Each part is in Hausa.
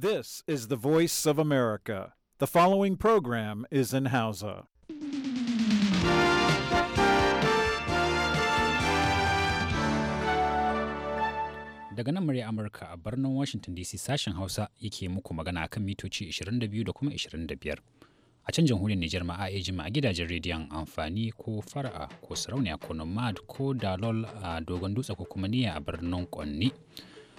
This is the voice of America. The following program is in Hausa. Daga nan murya Amurka a birnin Washington DC sashen Hausa yake muku magana akan mitoci 22 da kuma 25. A can jamhuriyar Nijar ma a a gidajen rediyon amfani ko fara'a ko sarauniya ko nomad ko dalol a dogon dutse ko kuma niyya a birnin Kwanni.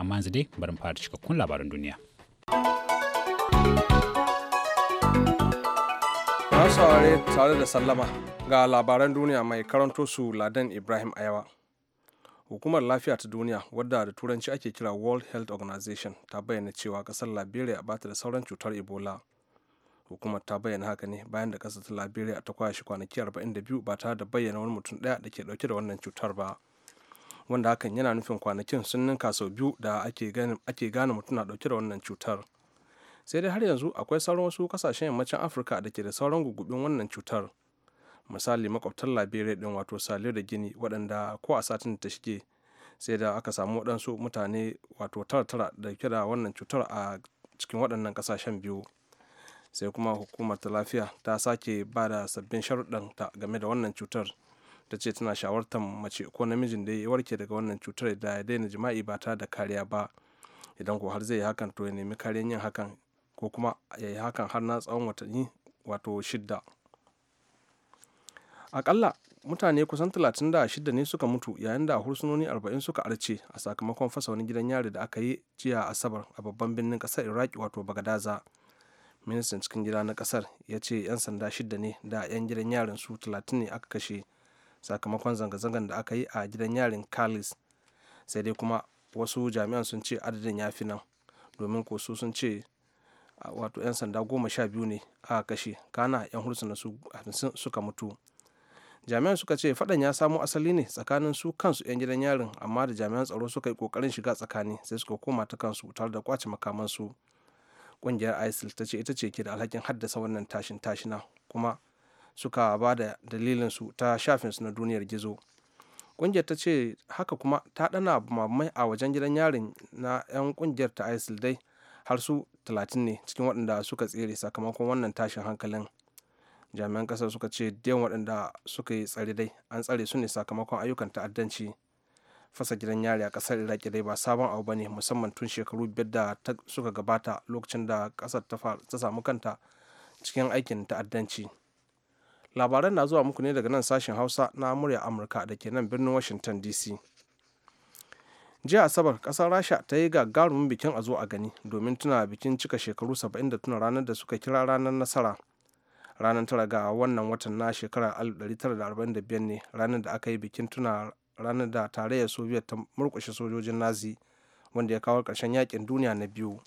amma yanzu dai bari fara cikakkun labaran duniya. saurare tare da sallama ga labaran duniya mai karanto su Ladan Ibrahim Ayawa. Hukumar Lafiya ta Duniya wadda da turanci ake kira World Health Organization ta bayyana cewa kasar Liberia ba ta da sauran cutar Ebola. Hukumar ta bayyana haka ne bayan da kasar ta Liberia ta kwashe kwanaki 42 ba tare da bayyana wani mutum daya da ke dauke da wannan cutar ba. wanda hakan yana nufin kwanakin sun ninka sau biyu da ake gane mutum na dauke da wannan cutar sai dai har yanzu akwai sauran wasu kasashen yammacin afirka da ke da sauran gugubin wannan cutar misali makwabtar liberia din wato saliyo da gini waɗanda ko a satin da ta shige sai da aka samu waɗansu mutane wato tara tara da ke da wannan cutar a cikin waɗannan kasashen biyu sai kuma hukumar ta lafiya ta sake ba da sabbin sharuɗan ta game da wannan cutar ta ce tana shawartar mace ko namijin da ya warke daga wannan cutar da ya daina jima'i ba ta da kariya ba idan ko har zai yi hakan to ya nemi kariyan yin hakan ko kuma ya yi hakan har na tsawon watanni wato shidda akalla mutane kusan 36 ne suka mutu yayin da hursunoni arba'in suka arce a sakamakon fasa wani gidan yari da aka yi jiya asabar a babban birnin kasar iraki wato bagadaza ministan cikin gida na kasar ya ce 'yan sanda shida ne da 'yan gidan yarin su 30 ne aka kashe sakamakon zanga zangan da aka yi a gidan yarin kalis sai dai kuma wasu jami'an sun ce adadin ya fi nan domin ko su sun ce wato 'yan sanda goma sha biyu ne a kashe kana 'yan hursuna su hamsin suka mutu jami'an suka ce fadan ya samo asali ne tsakanin su kansu 'yan gidan yarin amma da jami'an tsaro suka yi kokarin shiga tsakani sai suka koma ta kansu tare da kwace makamansu kungiyar isil ta ce ita ce ke da alhakin haddasa wannan tashin tashina kuma suka ba da dalilinsu ta shafin su na duniyar gizo ƙungiyar ta ce haka kuma ta ɗana mamai a wajen gidan yarin na 'yan ƙungiyar ta isil dai har su 30 ne cikin waɗanda suka tsere sakamakon wannan tashin hankalin jami'an ƙasar suka ce yawan waɗanda suka yi tsare dai an tsare su ne sakamakon ayyukan ta'addanci fasa gidan yari a ƙasar iraki dai ba sabon abu ba ne musamman tun shekaru biyar da suka gabata lokacin da ƙasar ta samu kanta cikin aikin ta'addanci labaran na zuwa muku ne daga nan sashen hausa na murya amurka da ke nan birnin washington dc jiya asabar kasar rasha ta yi gagarumin bikin a zo a gani domin tuna bikin cika shekaru 70 da tuna ranar da suka kira ranar nasara ranar tara ga wannan watan na shekarar 1945 ne ranar da aka yi bikin tuna ranar da tarayyar soviet ta murkushe sojojin nazi wanda ya kawo ƙarshen yakin duniya na biyu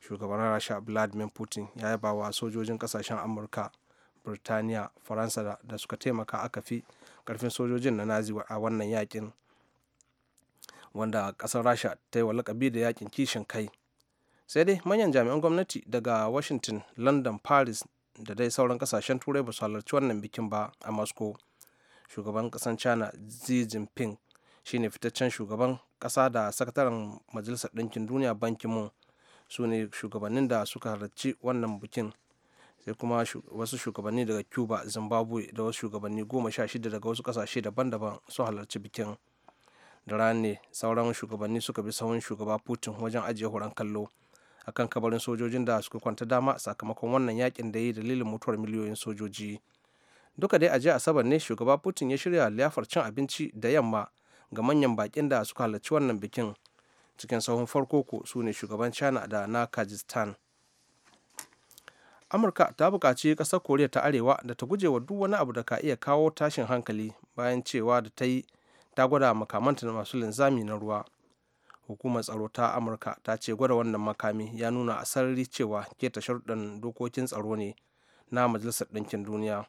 shugaban rasha vladimir putin ya yaba wa sojojin kasashen amurka birtaniya faransa da suka taimaka aka fi karfin sojojin na nazi a wannan yakin wanda kasar rasha ta yi wa da yakin kishin kai sai dai manyan jami'an gwamnati daga washington london paris da dai sauran kasashen turai ba su halarci wannan bikin ba a moscow shugaban kasan china xi jinping shine fitaccen shugaban kasa da sakataren majalisar ɗinkin duniya bankin mu su ne shugabannin da suka halarci wannan bikin sai kuma wasu shugabanni daga cuba zimbabwe da wasu shugabanni goma sha shida daga wasu kasashe daban-daban su halarci bikin da ne sauran shugabanni suka bi sahun shugaba putin wajen ajiye horon kallo akan kabarin sojojin da suka kwanta dama sakamakon wannan yakin da ya yi dalilin mutuwar miliyoyin sojoji duka dai a jiya asabar ne shugaba putin ya shirya liyafar cin abinci da yamma ga manyan bakin da suka halarci wannan bikin cikin sahun farko ko su ne shugaban china da na kajistan amurka ta buƙaci ƙasar koriya ta arewa da ta guje wa duk wani abu da ka iya kawo tashin hankali bayan cewa da ta yi ta gwada makamanta masu linzami na ruwa hukumar tsaro ta amurka ta ce gwada wannan makami ya nuna a sarari cewa keta sharuɗan dokokin tsaro ne na majalisar ɗinkin duniya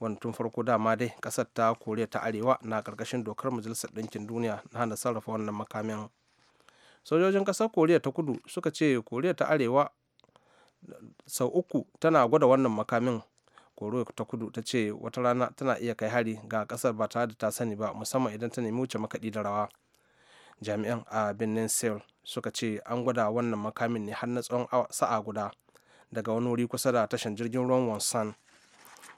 wani tun farko dama dai ƙasar ta koriya ta arewa na ƙarƙashin dokar majalisar ɗinkin duniya na hana sarrafa wannan makamin sojojin ƙasar koriya ta kudu suka ce koriya ta arewa sau uku tana gwada wannan makamin koro ta kudu ta ce wata rana tana iya kai hari ga kasar ba tare da ta sani ba musamman idan ta nemi wuce makaɗi da rawa jami'an a birnin seoul suka ce an gwada wannan makamin ne har na tsawon sa'a guda daga wani wuri kusa da tashan jirgin ruwan wonsan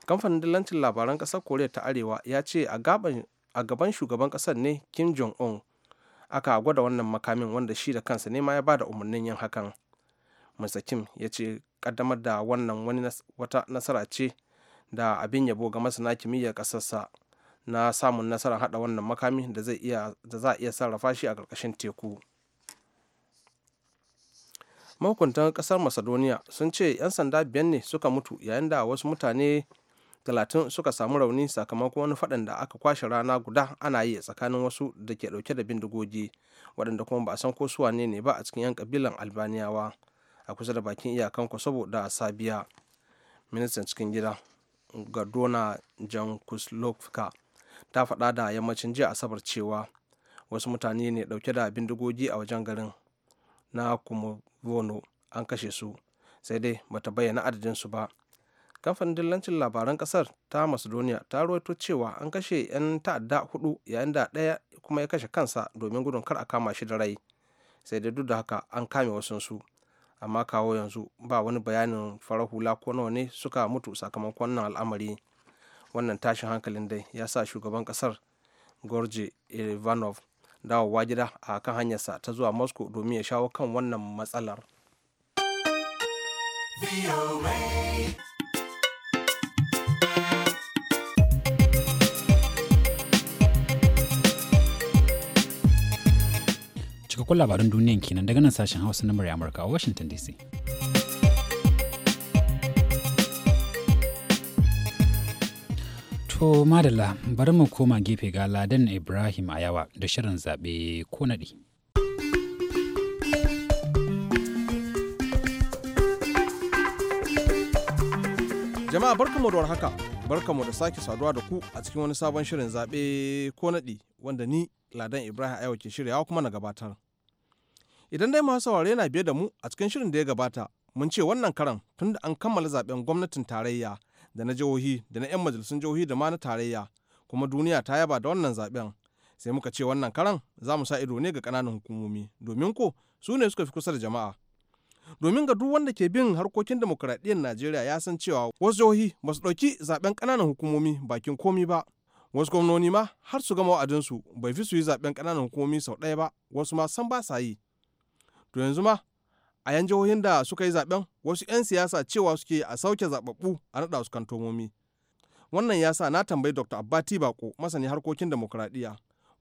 kamfanin dillancin labaran kasar koriya ta arewa ya ce a gaban shugaban kasar ne kim jong un aka gwada wannan makamin wanda shi da kansa ne ma ya da umarnin yin hakan mr kim ya ce kaddamar da wannan wani wata nasara ce da abin yabo ga masana kimiyyar kasarsa na samun nasarar hada wannan makami da za a iya sarrafa shi a ƙarƙashin teku mahukuntan ƙasar macedonia sun ce 'yan sanda biyan ne suka mutu yayin da wasu mutane talatin suka samu rauni sakamakon wani faɗan da aka kwashe rana guda ana yi tsakanin wasu da ke ɗauke da bindigogi waɗanda kuma ba a san ko su ne ba a cikin 'yan ƙabilan albaniyawa a kusa da bakin iyakan kosovo da sabiya ministan cikin gida gadona jan kuslovka ta faɗa da yammacin jiya asabar cewa wasu mutane ne ɗauke da bindigogi a wajen garin na kumovono an kashe su sai dai bata bayyana adadin su ba kamfanin dillancin labaran kasar ta macedonia ta ruwaito cewa an kashe 'yan ta'adda hudu yayin da ɗaya kuma ya kashe kansa domin gudun kar a kama shi da rai sai dai duk da haka an kame su. amma kawo yanzu ba wani bayanin farar hula ko nawa ne suka mutu sakamakon wannan al'amari wannan tashin hankalin dai ya sa shugaban kasar gorje ivanov dawowa gida a kan hanyarsa ta zuwa moscow domin ya shawo kan wannan matsalar cikakkun labarin duniyan kenan daga nan sashen hausa na murya amurka a washington dc to madalla bari mu koma gefe ga ladan ibrahim ayawa da shirin zaɓe ko naɗi jama'a barkamu da warhaka barkamu da sake saduwa da ku a cikin wani sabon shirin zabe ko naɗi wanda ni ladan ibrahim ayawa ke shiryawa kuma na gabatar Idan dai masu saurare yana biye da mu a cikin shirin da ya gabata, mun ce wannan karan tunda an kammala zaben gwamnatin tarayya da na jihohi da na 'yan majalisun jihohi da ma na tarayya kuma duniya ta yaba da wannan zaben sai muka ce wannan karan za mu sa ido ne ga kananan hukumomi domin ko su ne suka fi kusa da jama'a domin ga duk wanda ke bin harkokin demokuraɗiyyar najeriya ya san cewa wasu jihohi ba su ɗauki zaben kananan hukumomi bakin komi ba wasu gwamnoni ma har su gama wa'adinsu bai fi su yi zaben ƙananan hukumomi sau ɗaya ba wasu ma san ba sa yi To yanzu ma a 'yan jihohin da suka yi zaben wasu 'yan siyasa cewa suke a sauke zababbu a naɗa su kantomomi. Wannan ya sa na tambayi Dr. Abbati Bako masani harkokin demokuraɗiyya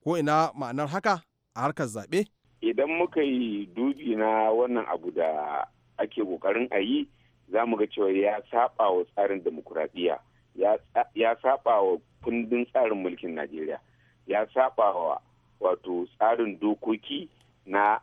ko ina ma'anar haka a harkar zaɓe? Idan muka yi dubi na wannan abu da ake ƙoƙarin a yi za mu ga cewa ya saba wa tsarin demokuraɗiyya ya saba wa kundin tsarin mulkin Najeriya ya saba wa wato tsarin dokoki na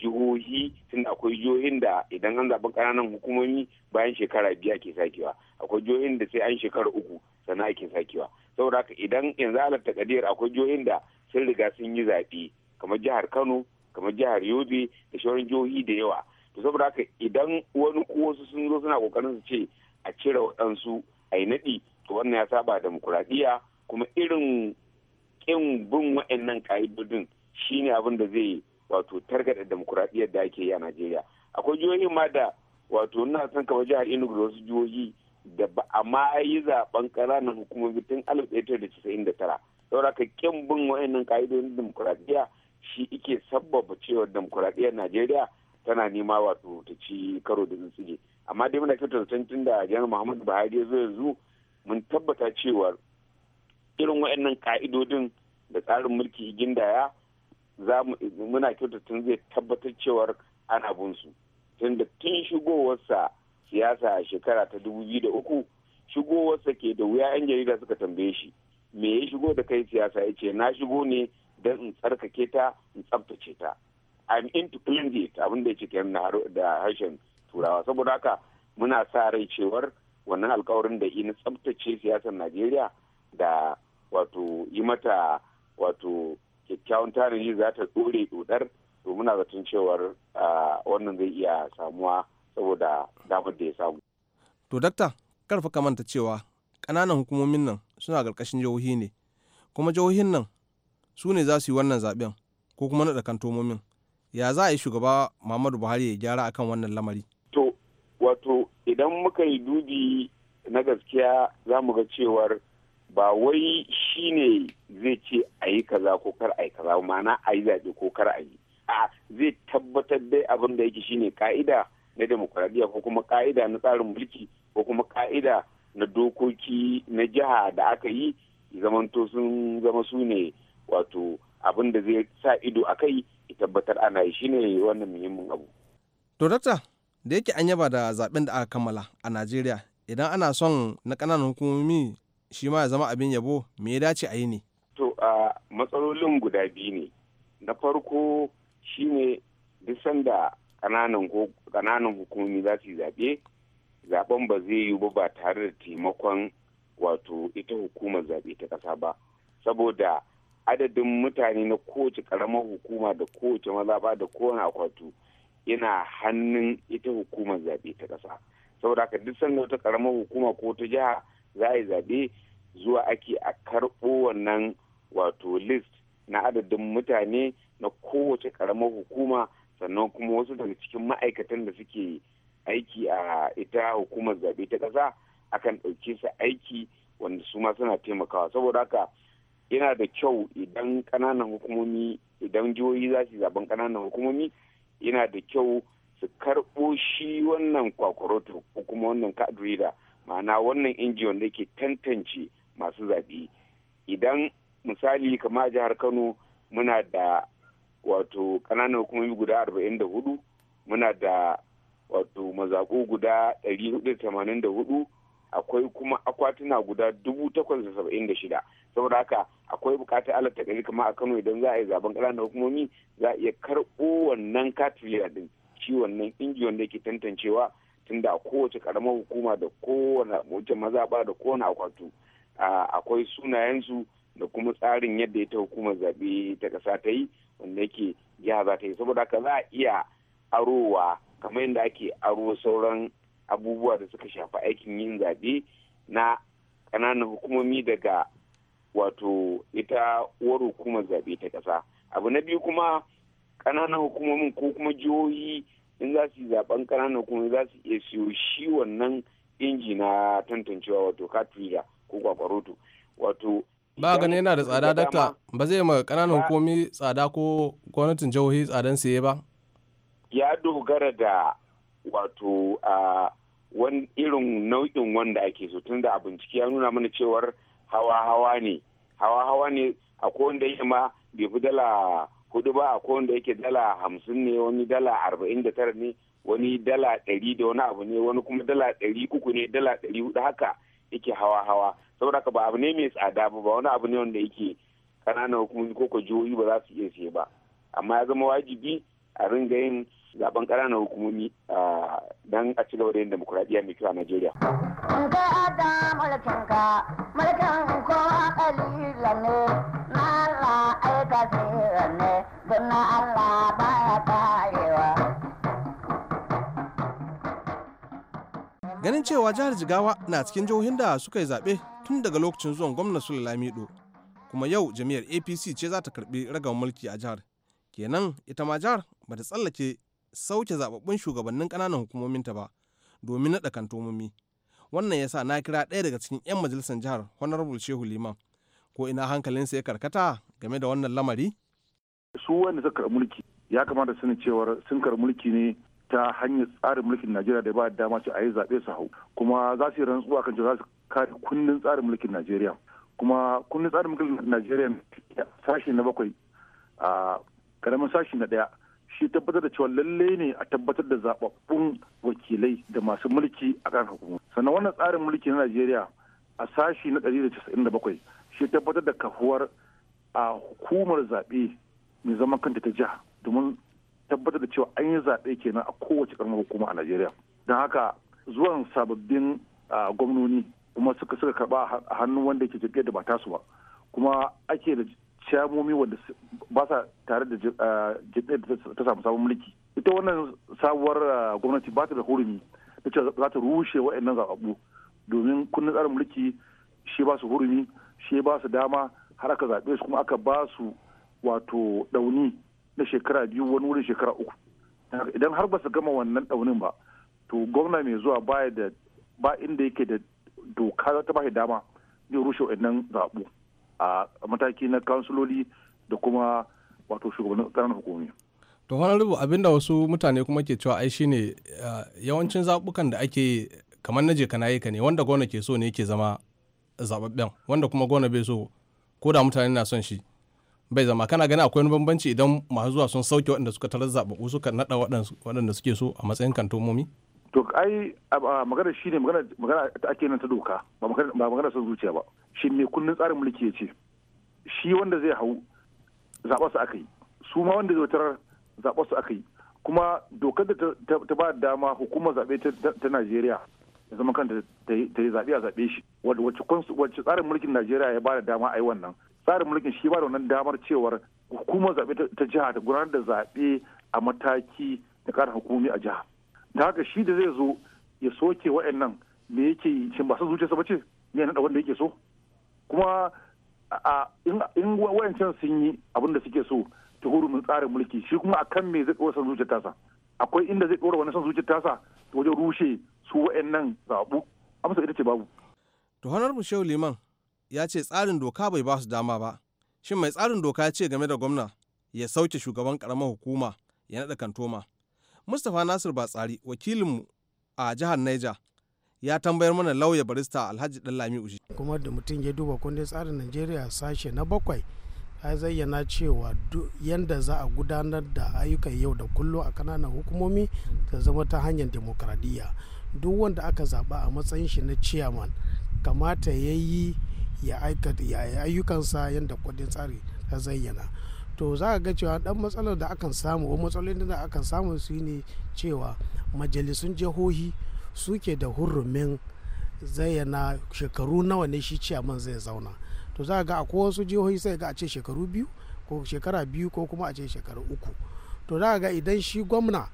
jihohi tun akwai jihohin da idan an zaɓi ƙananan hukumomi bayan shekara biyu ake sakewa akwai jihohin da sai an shekara uku sannan ake sakewa saboda haka idan yanzu halar takadiyar akwai jihohin da sun riga sun yi zaɓe kamar jihar kano kamar jihar yobe da sauran jihohi da yawa to saboda haka idan wani ko wasu sun zo suna kokarin su ce a cire waɗansu a yi naɗi to wannan ya saba demokuraɗiyya kuma irin ƙin bin waɗannan ƙa'idodin shine abin da zai wato targaɗa demokuraɗiyyar da ake yi a najeriya akwai jihohin ma da wato ina son kamar jihar enugu da wasu jihohi da ba a ma yi ƙara ƙananan hukumomi tun alif ɗaya tara da casa'in da tara saboda ka ƙin bin wa'annan ƙa'idojin demokuraɗiyya shi ike sabbaba cewar demokuraɗiyyar najeriya tana nema wato ta ci karo da tsintsige amma dai muna kyautar tun da janar muhammad buhari ya zo yanzu mun tabbata cewa irin waɗannan ka'idodin da tsarin mulki gindaya muna kyautatun zai tabbatar cewar ana bunsu su tunda tun shigowarsa siyasa a shekara ta dubu biyu da uku shigowarsa ke da wuya 'yan jarida suka tambaye shi me ya shigo da kai siyasa ya ce na shigo ne don in tsarkake ta in tsabtace ta i'm into cleanse it abin da ya ce kenan da harshen turawa saboda haka muna sa rai cewar wannan alkawarin da na tsabtace siyasar najeriya da wato yi mata wato kyakkyawan tanadi za ta dore dodar to muna zaton cewar wannan zai iya samuwa saboda damar da ya samu. To dakta karfa kamanta cewa ƙananan hukumomin nan suna karkashin jihohi ne kuma jihohin nan su ne za su yi wannan zaɓen ko kuma naɗa kantomomin ya za a yi shugaba Muhammadu Buhari ya gyara akan wannan lamari. To wato idan muka yi dubi na gaskiya za mu ga cewar ba wai shi ne zai ce a yi kaza ko kar a yi kaza mana a yi zaɓe ko kar a yi a zai tabbatar dai abin da yake shine ka'ida na demokuraɗiyya ko kuma ka'ida na tsarin mulki ko kuma ka'ida na dokoki na jiha da aka yi zamanto sun zama su ne wato abin da zai sa ido a kai ya tabbatar ana yi shine wannan muhimmin abu. To da yake an yaba da zaben da aka kammala a Najeriya idan ana son na ƙananan hukumomi shi ma ya zama abin yabo me ya dace a yi ne. a matsalolin guda biyu ne na farko shine duk sanda kananan hukumomi za su yi zaɓe zaɓen ba zai yi ba ba tare da taimakon wato ita hukumar zaɓe ta ƙasa ba saboda adadin mutane na kowace ƙaramar hukuma da kowace mazaɓa da kowane akwatu yana hannun ita hukumar zaɓe ta ƙasa saboda haka duk sanda wata ƙaramar hukuma ko ta jiha za a yi zaɓe zuwa ake a karɓo wannan wato list na adadin mutane na kowace karamar hukuma sannan kuma wasu daga cikin ma'aikatan da suke aiki a ita hukumar zaɓe ta ƙasa akan ɗauke su aiki wanda su ma suna taimakawa saboda haka yana da kyau idan ƙananan hukumomi idan jihohi za su zaben ƙananan hukumomi yana da kyau su karɓo shi wannan kwakwaroto ko kuma wannan kadreda ma'ana wannan inji wanda ke tantance masu zaɓe idan misali kama a jihar kano muna da wato kananan hukumomi guda arba'in da hudu muna da wato mazaƙo guda ɗari hudu tamanin da hudu akwai kuma akwatuna guda dubu takwas da saba'in da shida saboda haka akwai bukatar alata gari kama a kano idan za a yi zaben kananan hukumomi za a iya karɓo wannan katiliya din shi wannan inji wanda yake tantancewa tunda a kowace karamar hukuma da kowane mazaɓa da kowane akwatu akwai sunayensu da kuma tsarin yadda ita hukumar zaɓe ta ƙasa ta yi wanda yake jiha za ta yi saboda haka za a iya arowa kamar yadda ake aro sauran abubuwa da suka shafi aikin yin zaɓe na ƙananan hukumomi daga wato ita uwar hukumar zaɓe ta ƙasa abu na biyu kuma ƙananan hukumomin ko kuma jihohi in za su yi zaɓen ƙananan hukumomi za su iya siyo shi wannan inji na tantancewa wato katriga ko kwakwaroto wato ba gani yana da tsada dakta ba zai ma kananan komi tsada ko gwamnatin jihohi tsadan siye ba ya dogara da wato wani irin nau'in wanda ake so tunda a bincike ya nuna mana cewar hawa hawa ne hawa hawa ne a wanda yake ma bai fi dala hudu ba a wanda yake dala hamsin ne wani dala arba'in da tara ne wani dala ɗari da wani abu ne wani kuma dala ɗari uku ne dala ɗari hudu haka yake hawa hawa saboda ka ba abu ne mai tsada ba wani abu ne wanda yake kananan hukumomi ko ko jihohi ba za su iya siye ba amma ya zama wajibi a ringa yin zaben kananan hukumomi don a ci gaba da yin demokuraɗiyya mai kyau a Najeriya. Allah baya ganin cewa jihar jigawa na cikin jihohin da suka yi zaɓe tun daga lokacin zuwan gwamna sule lamido kuma yau jami'ar apc ce za ta karɓi ragawar mulki a jihar kenan ita ma jihar ba ta tsallake sauke zababbun shugabannin ƙananan hukumominta ba domin naɗa kantomomi wannan yasa na kira ɗaya daga cikin 'yan majalisar jihar honorable shehu liman ko ina hankalinsa ya karkata game da wannan lamari su wanda suka mulki ya kamata sanin cewar sun karɓi mulki ne ta hanyar tsarin mulkin najeriya da ba da dama ce a yi zaɓe su hau kuma za su yi rantsuwa kan cewa za su kare kundin tsarin mulkin najeriya kuma kundin tsarin mulkin najeriya sashi na bakwai a karamin sashi na ɗaya shi tabbatar da cewa lalle ne a tabbatar da zaɓaɓɓun wakilai da masu mulki a kan hukumu sannan wannan tsarin mulki na najeriya a sashi na da da bakwai shi tabbatar da kahuwar a hukumar zaɓe mai zaman kanta ta jiha domin tabbatar da cewa an yi zaɓe kenan a kowace karamar hukuma a Najeriya. Don haka zuwan sababbin gwamnoni kuma suka suka karɓa a hannun wanda ke jirgin da ba tasu ba kuma ake da ciyamomi wanda ba sa tare da jirgin da ta samu sabon mulki. Ita wannan sabuwar gwamnati ba ta da hurumi ta ce za ta rushe waɗannan zaɓaɓɓu domin kundin tsarin mulki shi ba su hurumi shi ba su dama har aka zaɓe su kuma aka ba su wato ɗauni na shekara biyu wani wurin shekara uku idan har ba su gama wannan daunin ba to gwamna mai zuwa baya da ba inda yake da doka ta ba dama zai rushe waɗannan zaɓu a mataki na kansuloli da kuma wato shugabannin ƙananan hukumi. to rubu abinda wasu mutane kuma ke cewa ai shine yawancin zabukan da ake kamar na je kana yi ka ne wanda gwamna ke so ne yake zama zababben wanda kuma gwamna bai so ko da mutane na son shi bai zama kana gani akwai wani bambanci idan masu zuwa sun sauke waɗanda suka tarar zaɓaɓɓu suka naɗa waɗanda suke so a matsayin kantomomi? to ai magana shi ne magana ta ake nan ta doka ba magana sun zuciya ba shi ne kundin tsarin mulki ya ce shi wanda zai hau zaɓa su aka yi su ma wanda zai tarar zaɓa su aka yi kuma dokar da ta ba dama hukumar zaɓe ta najeriya ya zama kanta ta yi zaɓe a zaɓe shi wacce tsarin mulkin najeriya ya ba da dama a yi wannan tsarin mulkin shi ba da wannan damar cewar hukumar zaɓe ta jiha ta gudanar da zaɓe a mataki da ƙara hukumi a jiha da haka shi da zai zo ya soke wa'annan me yake yi shin ba su sa bace me yana da wanda yake so kuma in wayancin sun yi abin da suke so ta hurumin tsarin mulki shi kuma akan me zai ɗora son zuciyar tasa akwai inda zai ɗora wani son zuciyar tasa wajen rushe su wa'annan zaɓu amsa ita ce babu. to mu shehu liman ya ce tsarin doka bai ba su dama ba shin mai tsarin doka ya ce game da gwamna ya sauke shugaban karamar hukuma ya naɗa kantoma mustapha nasir batsari wakilinmu a jihar niger ya tambayar mana lauya barista alhaji lami uji kuma da mutum ya duba kundin tsarin najeriya sashe na bakwai ya zayyana cewa yadda za a gudanar da ayyukan yau da kullum a kananan hukumomi ta zama ta hanyar demokradiyya duk wanda aka zaba a matsayin shi na chairman kamata ya yi ya aikata ya ayyukansa yadda kudin tsari ta zayyana to za ga cewa dan matsalar da akan samu wa matsalolin da akan samu su ne cewa majalisun jihohi suke da hurumin zayyana shekaru nawa ne shi ciyaman zai zauna to za ga akwai wasu jihohi sai ga a ce shekaru biyu ko shekara biyu ko kuma a ce shekaru uku to za ga idan shi gwamna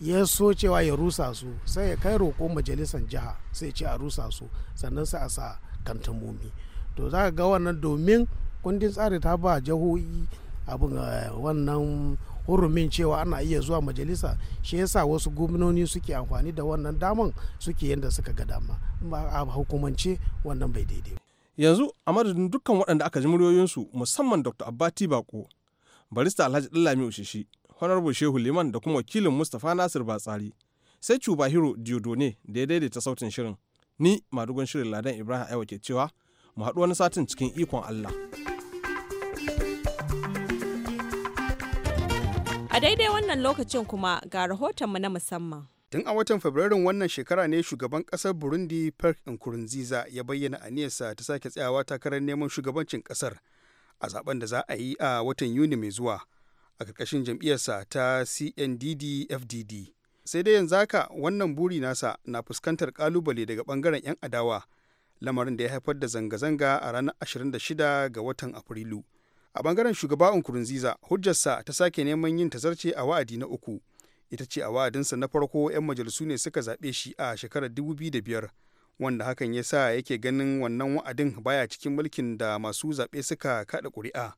ya so cewa ya rusa su sai ya kai roƙo majalisar jiha sai ce a rusa su sannan sai a sa kantamomi to za ga wannan domin kundin tsari ta ba jihohi abin eh, wannan hurumin cewa ana iya zuwa majalisa shi yasa wasu gwamnoni suke amfani da wannan daman suke yadda suka ga dama a hukumance wannan bai daidai yanzu a madadin dukkan waɗanda aka ji muryoyinsu musamman dr abbati bako barista alhaji ɗallami oshishi honorable shehu liman da kuma wakilin mustapha nasir batsari sai cubahiro diodone da ya daidaita sautin shirin ni madugun shirin ladan ibrahim aiwa ke cewa mu haɗu wani satin cikin ikon allah a daidai wannan lokacin kuma ga rahoton mu na musamman tun a watan fabrairun wannan shekara ne shugaban kasar burundi pierre nkurunziza ya bayyana aniyarsa ta sake tsayawa takarar neman shugabancin kasar a zaben da za a yi a watan yuni mai zuwa a ƙarƙashin jam'iyyarsa ta cndd fdd sai dai yanzu haka wannan buri nasa na fuskantar ƙalubale daga ɓangaren 'yan adawa lamarin da ya haifar da zanga-zanga a ranar 26 ga watan afrilu a ɓangaren shugaba nkurunziza hujjarsa ta sake neman yin tazarce a wa'adi na uku ita ce a wa'adinsa na farko 'yan majalisu ne suka zaɓe shi a shekarar biyar. wanda hakan ya sa yake ganin wannan wa'adin baya cikin mulkin da masu zaɓe suka kaɗa ƙuri'a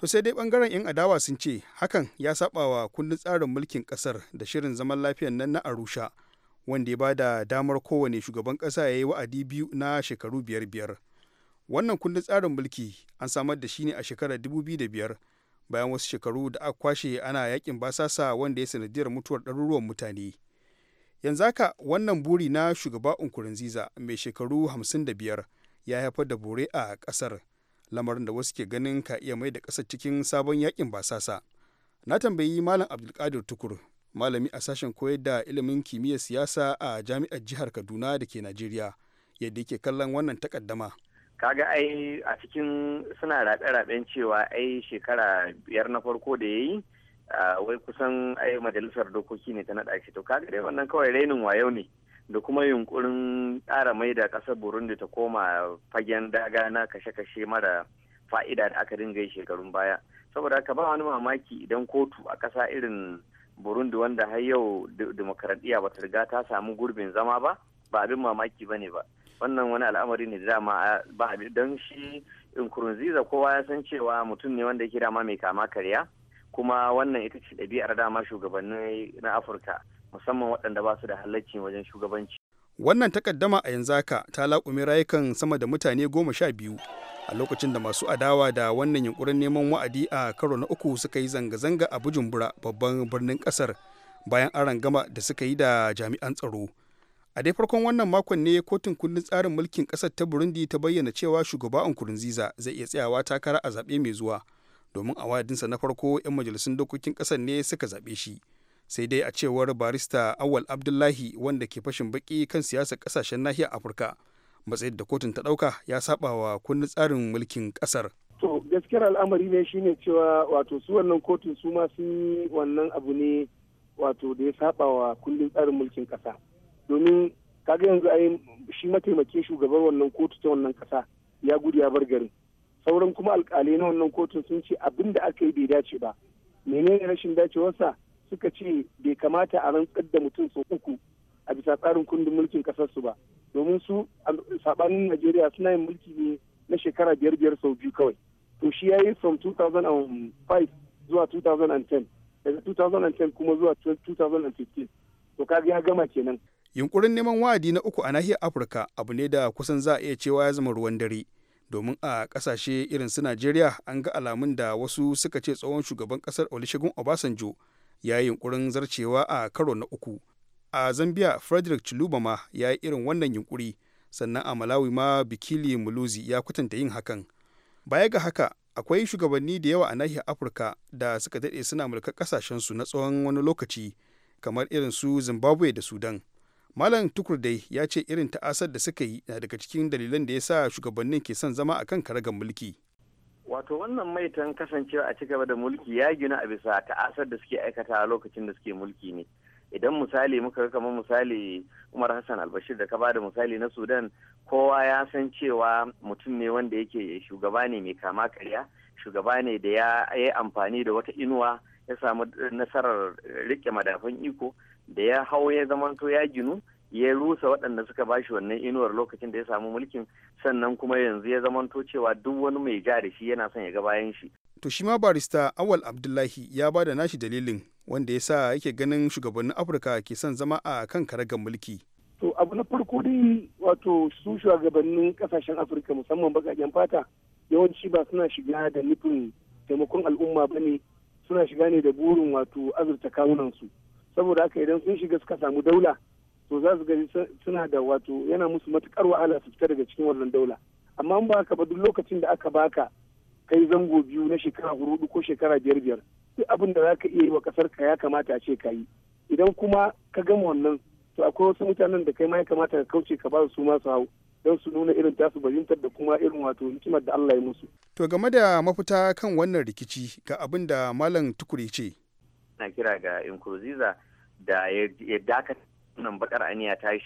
To sai dai bangaren 'yan adawa sun ce hakan ya saɓawa kundin tsarin mulkin kasar da shirin zaman lafiyan nan na Arusha wanda ya ba da damar kowane shugaban kasa ya yi wa'adi biyu na shekaru biyar biyar. Wannan kundin tsarin mulki an samar da shi ne a shekarar 2005 bayan wasu shekaru da aka kwashe ana yakin basasa wanda ya sanadiyar mutuwar ɗaruruwan mutane. Yanzu haka wannan buri na shugaba Nkurunziza mai shekaru 55 ya haifar da bore a ƙasar. lamarin da wasu ke ganin ka iya mai da ƙasar cikin sabon yakin basasa na tambayi malam abdulkadir tukur malami a sashen koyar da ilimin kimiyyar siyasa a jami'ar jihar kaduna da ke najeriya yadda yake kallon wannan takaddama kaga ai a cikin suna raɗe-raɗen cewa ai shekara biyar na farko da yayi wai kusan ai majalisar dokoki ne ta naɗa shi to kaga dai wannan kawai rainin wayo ne da kuma yunkurin tsara mai da ƙasar burundi ta koma fagen daga na kashe-kashe mara fa'ida da aka dinga yi shekarun baya saboda haka ba wani mamaki idan kotu a ƙasa irin burundi wanda har yau demokaradiyya ba ta riga ta samu gurbin zama ba ba abin mamaki ba ne ba wannan wani al'amari ne dama ba abin don shi nkurunziza kowa ya san cewa mutum ne wanda yake dama mai kama karya kuma wannan ita ce ɗabi'ar dama shugabanni na afirka musamman waɗanda ba su da halacci wajen shugabanci. Wannan takaddama a yanzu haka ta laƙumi rayukan sama da mutane goma sha biyu a lokacin da masu adawa da wannan yunkurin neman wa'adi a karo na uku suka yi zanga-zanga a Bujumbura babban birnin ƙasar bayan aron gama da suka yi da jami'an tsaro. A dai farkon wannan makon ne kotun kundin tsarin mulkin ƙasar ta Burundi ta bayyana cewa shugaba Nkurunziza zai iya tsayawa takara a zaɓe mai zuwa domin a wa'adinsa na farko 'yan majalisun dokokin ƙasar ne suka zaɓe shi. sai dai a cewar barista awal abdullahi wanda ke fashin baki kan siyasar kasashen nahiyar afirka matsayin da kotun ta dauka ya sabawa wa kundin tsarin mulkin kasar to gaskiyar al'amari ne shine cewa wato su wannan kotun su ma sun wannan abu ne wato da ya saba wa kundin tsarin mulkin kasa domin kaga yanzu ai shi mataimakin shugaban wannan kotu ta wannan kasa ya gudu ya bar garin sauran kuma alkalai na wannan kotun sun ce abin da aka yi bai dace ba menene rashin dacewarsa suka ce bai kamata a rantsar da mutum sau uku a bisa tsarin kundin mulkin kasarsu ba domin su sabanin najeriya suna yin mulki ne na shekara biyar biyar sau biyu kawai to shi ya yi from 2005 zuwa 2010 daga 2010 kuma zuwa 2015 to kaga ya gama kenan yunkurin neman wa'adi na uku a nahiyar afirka abu ne da kusan za a iya cewa ya zama ruwan dare domin a kasashe irin su najeriya an ga alamun da wasu suka ce tsohon shugaban kasar olusegun obasanjo ya yi yunkurin zarcewa a karo na uku a zambia frederick chiluba ma ya yi irin wannan yunkuri sannan a malawi ma bikili muluzi ya kwatanta yin hakan baya ga haka akwai shugabanni da yawa a nahiyar afirka da suka daɗe suna mulkar ƙasashensu na tsawon wani lokaci kamar irin su zimbabwe da sudan malam Tukurdai ya ce irin ta'asar da suka yi na daga cikin dalilan da ya sa shugabannin ke son zama a kan karagar mulki wato wannan maitan kasancewa a cigaba da mulki ya gina a bisa ta'asar da suke aikata a lokacin da suke mulki ne idan misali muka kamar misali umar hassan albashir da ka ba da misali na sudan kowa ya san cewa mutum ne wanda yake shugaba ne mai kama karya shugaba ne da ya yi amfani da wata inuwa ya samu nasarar rike madafan iko da ya hau ya zamanto ya ginu ya rusa waɗanda suka ba shi wannan inuwar lokacin da ya samu mulkin sannan kuma yanzu ya zamanto cewa duk wani mai ja da shi yana son ya ga bayan shi. To shi ma barista Awal Abdullahi ya ba da nashi dalilin wanda ya sa yake ganin shugabannin Afirka ke son zama a kan karagar mulki. To abu na farko dai wato su shugabannin kasashen Afirka musamman bakajen fata yawanci ba suna shiga da nufin taimakon al'umma ba ne suna shiga ne da burin wato azurta kawunansu saboda haka idan sun shiga suka samu daula to za su gani suna da wato yana musu matukar wahala su fita daga cikin wannan daula amma ba ka ba duk lokacin da aka baka kai zango biyu na shekara hudu ko shekara biyar biyar duk abin da zaka iya yi wa kasar ka ya kamata a ce ka yi idan kuma ka gama wannan to akwai wasu mutanen da kai ma ya kamata ka kauce ka ba su masu hau don su nuna irin tasu bajintar da kuma irin wato hikimar da Allah ya musu. To game da mafita kan wannan rikici ga abin da Malam Tukuri ce. Na kira ga Nkurunziza da ya dakata wannan bakar aniya ta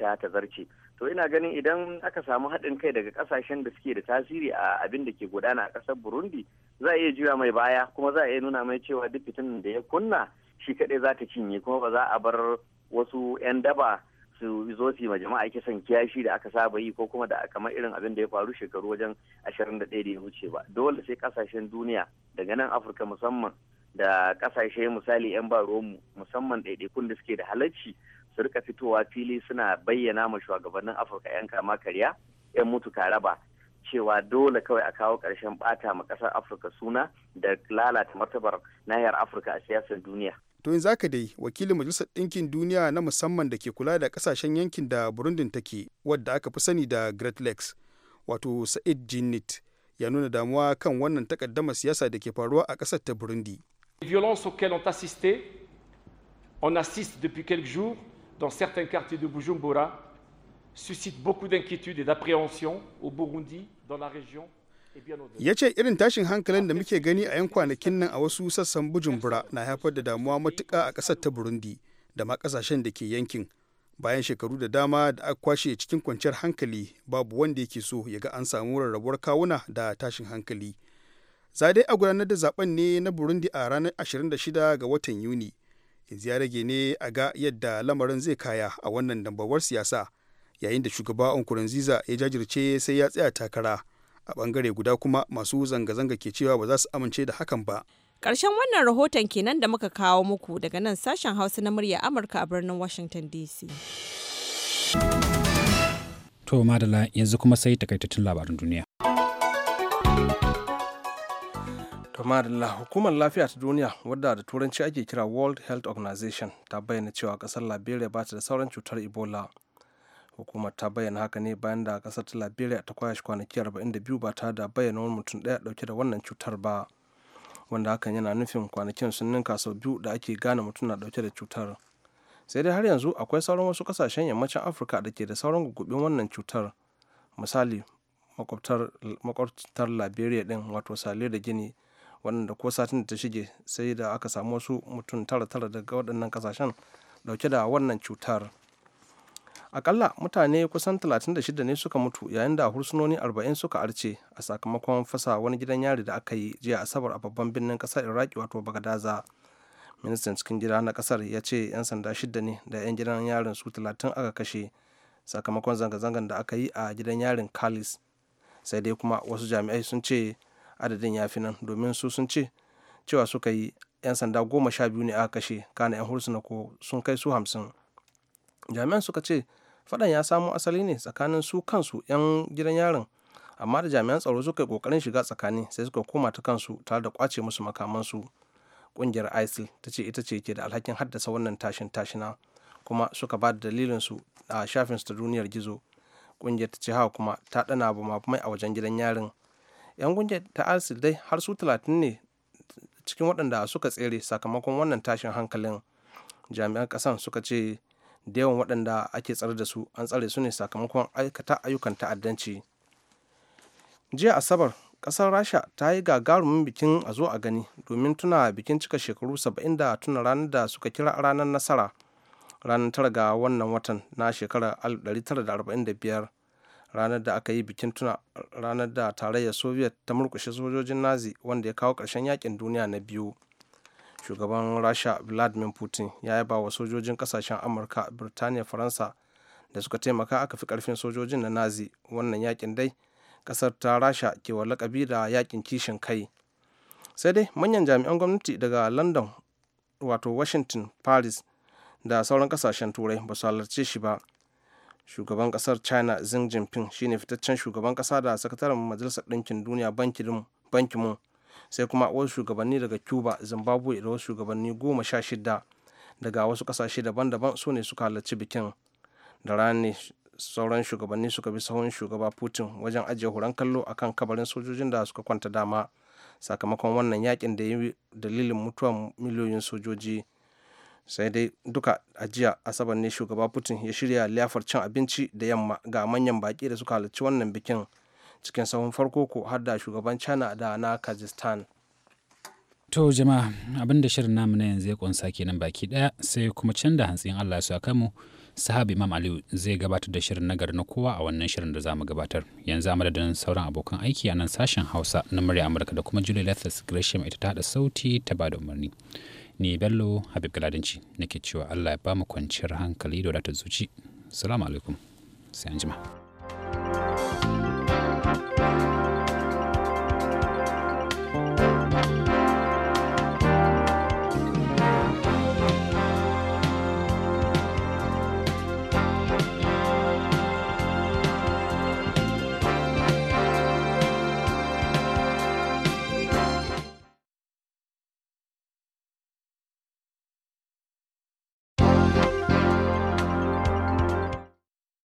ta tazarce to ina ganin idan aka samu haɗin kai daga ƙasashen da suke da tasiri a abin da ke gudana a ƙasar burundi za a iya juya mai baya kuma za a iya nuna mai cewa duk fitin da ya kunna shi kaɗai za ta cinye kuma ba za a bar wasu 'yan daba su zo su ma jama'a kisan kiyashi da aka saba yi ko kuma da kamar irin abin da ya faru shekaru wajen ashirin da ɗaya da ya wuce ba dole sai ƙasashen duniya daga nan afirka musamman da ƙasashe misali 'yan ba mu musamman ɗaiɗaikun da suke da halacci. su rika fitowa fili suna bayyana ma shugabannin afirka 'yan kama karya 'yan mutu raba cewa dole kawai a kawo karshen bata ma ƙasar afirka suna da lalata martabar nahiyar afirka a siyasar duniya to in zaka dai wakilin majalisar ɗinkin duniya na musamman da ke kula da kasashen yankin da burundin take wadda aka fi sani da great lakes wato sa'id jinnit ya nuna damuwa kan wannan takaddama siyasa da ke faruwa a ƙasar ta burundi violences auxquelles ont assisté on assiste depuis quelques jours dans certains quartiers de Bujumbura suscite beaucoup d'inquiétude et d'appréhension au Burundi, dans la région. ya ce irin tashin hankalin da muke gani a 'yan kwanakin nan a wasu sassan bujumbura na haifar da damuwa matuƙa a ƙasar ta burundi da ma ƙasashen da ke yankin bayan shekaru da dama da aka kwashe cikin kwanciyar hankali babu wanda yake so ya ga an samu rarrabuwar kawuna da tashin hankali za dai a gudanar da zaben ne na burundi a ranar 26 ga watan yuni yanzu ya rage ne a ga yadda lamarin zai kaya a wannan dambawar siyasa yayin da shugaba nkurunziza ya jajirce sai ya tsaya takara a bangare guda kuma masu zanga-zanga ke cewa ba za su amince da hakan ba ƙarshen wannan rahoton kenan da muka kawo muku daga nan sashen hausa na murya amurka a birnin washington dc to madala yanzu kuma sai takaitattun labarin duniya tomadala hukumar lafiya ta duniya wadda da turanci ake kira world health organization ta bayyana cewa kasar liberia ba ta da sauran cutar ebola hukumar ta bayyana haka ne bayan da kasar ta liberia ta kwashe kwanaki 42 ba ta da bayyana wani mutum daya dauke da wannan cutar ba wanda hakan yana nufin kwanakin sun ninka sau biyu da ake gane mutum na dauke da cutar sai dai har yanzu akwai sauran wasu kasashen yammacin afirka da ke da sauran gugubin wannan cutar misali makwabtar liberia din wato sale da gini wanda ko satin da ta shige sai da aka samu wasu mutum tara tara daga waɗannan kasashen dauke da wannan cutar akalla mutane kusan 36 ne suka mutu yayin da hursunoni 40 suka arce a sakamakon fasa wani gidan yari da aka yi jiya asabar a babban birnin ƙasar iraki wato bagadaza ministan cikin gida na kasar ya ce 'yan sanda shida ne da 'yan gidan yarin su 30 aka kashe sakamakon zanga zangan da aka yi a gidan yarin kalis sai dai kuma wasu jami'ai sun ce adadin ya fi nan domin su sun ce cewa suka yi 'yan sanda goma sha biyu ne aka kashe kana 'yan hursuna ko sun kai su hamsin jami'an suka ce faɗan ya samo asali ne tsakanin su kansu 'yan gidan yarin amma da jami'an tsaro suka yi kokarin shiga tsakani sai suka koma ta kansu tare da kwace musu makamansu kungiyar isil ta ce ita ce ke da alhakin haddasa wannan tashin tashina kuma suka ba da dalilin su a shafin su ta duniyar gizo kungiyar ta ce hawa kuma ta dana mafi mai a wajen gidan yarin 'yan kungiyar ta isil dai har su 30 ne cikin waɗanda suka tsere sakamakon wannan tashin hankalin jami'an ƙasan suka ce da yawan waɗanda ake tsare da su an tsare su ne sakamakon aikata ayyukan ta'addanci jiya asabar ƙasar rasha ta yi gagarumin bikin a zo a gani domin tuna bikin cika shekaru 70 da tuna ranar da suka kira ranar nasara ranar tara ga wannan watan na shekarar 1945 ranar da aka yi bikin tuna ranar da tarayyar soviet ta murkushe sojojin nazi wanda ya kawo ƙarshen yakin duniya na biyu shugaban rasha vladimir putin ya yaba wa sojojin kasashen amurka birtaniya faransa da suka taimaka aka fi karfin sojojin na nazi wannan yakin dai ƙasar ta rasha ke wa lakabi da yakin kishin kai sai dai manyan jami'an gwamnati daga london wato washington paris da sauran kasashen turai ba su halarce shi ba shugaban kasar china xi jinping shine fitaccen shugaban kasa da sakataren majalisar ɗinkin duniya banki mun sai kuma wasu shugabanni daga cuba zimbabwe da wasu shugabanni goma sha shida daga wasu kasashe daban-daban su ne suka halarci bikin da rani sauran shugabanni suka bi sahun shugaba putin wajen ajiye horon kallo akan kabarin sojojin da suka kwanta dama sakamakon wannan yakin da ya yi dalilin mutuwar miliyoyin sojoji sai dai duka a jiya asabar ne shugaba putin ya shirya liyafar cin abinci da yamma ga manyan baki da suka halarci wannan bikin cikin sahun farko ko har da shugaban china da na kazistan. To jama'a abin da shirin namu na yanzu ya kunsa kenan baki daya sai kuma can da hantsin Allah su a mu sahabi Imam Aliyu zai gabatar da shirin nagar na kowa a wannan shirin da zamu gabatar yanzu a madadin sauran abokan aiki a nan sashen Hausa na murya Amurka da kuma Julie Lethas Gresham ita ta hada sauti ta bada umarni. ni bello habib galadanci nake cewa allah ya ba mu kwanciyar hankali da wadatar zuci salamu alaikum sai an jima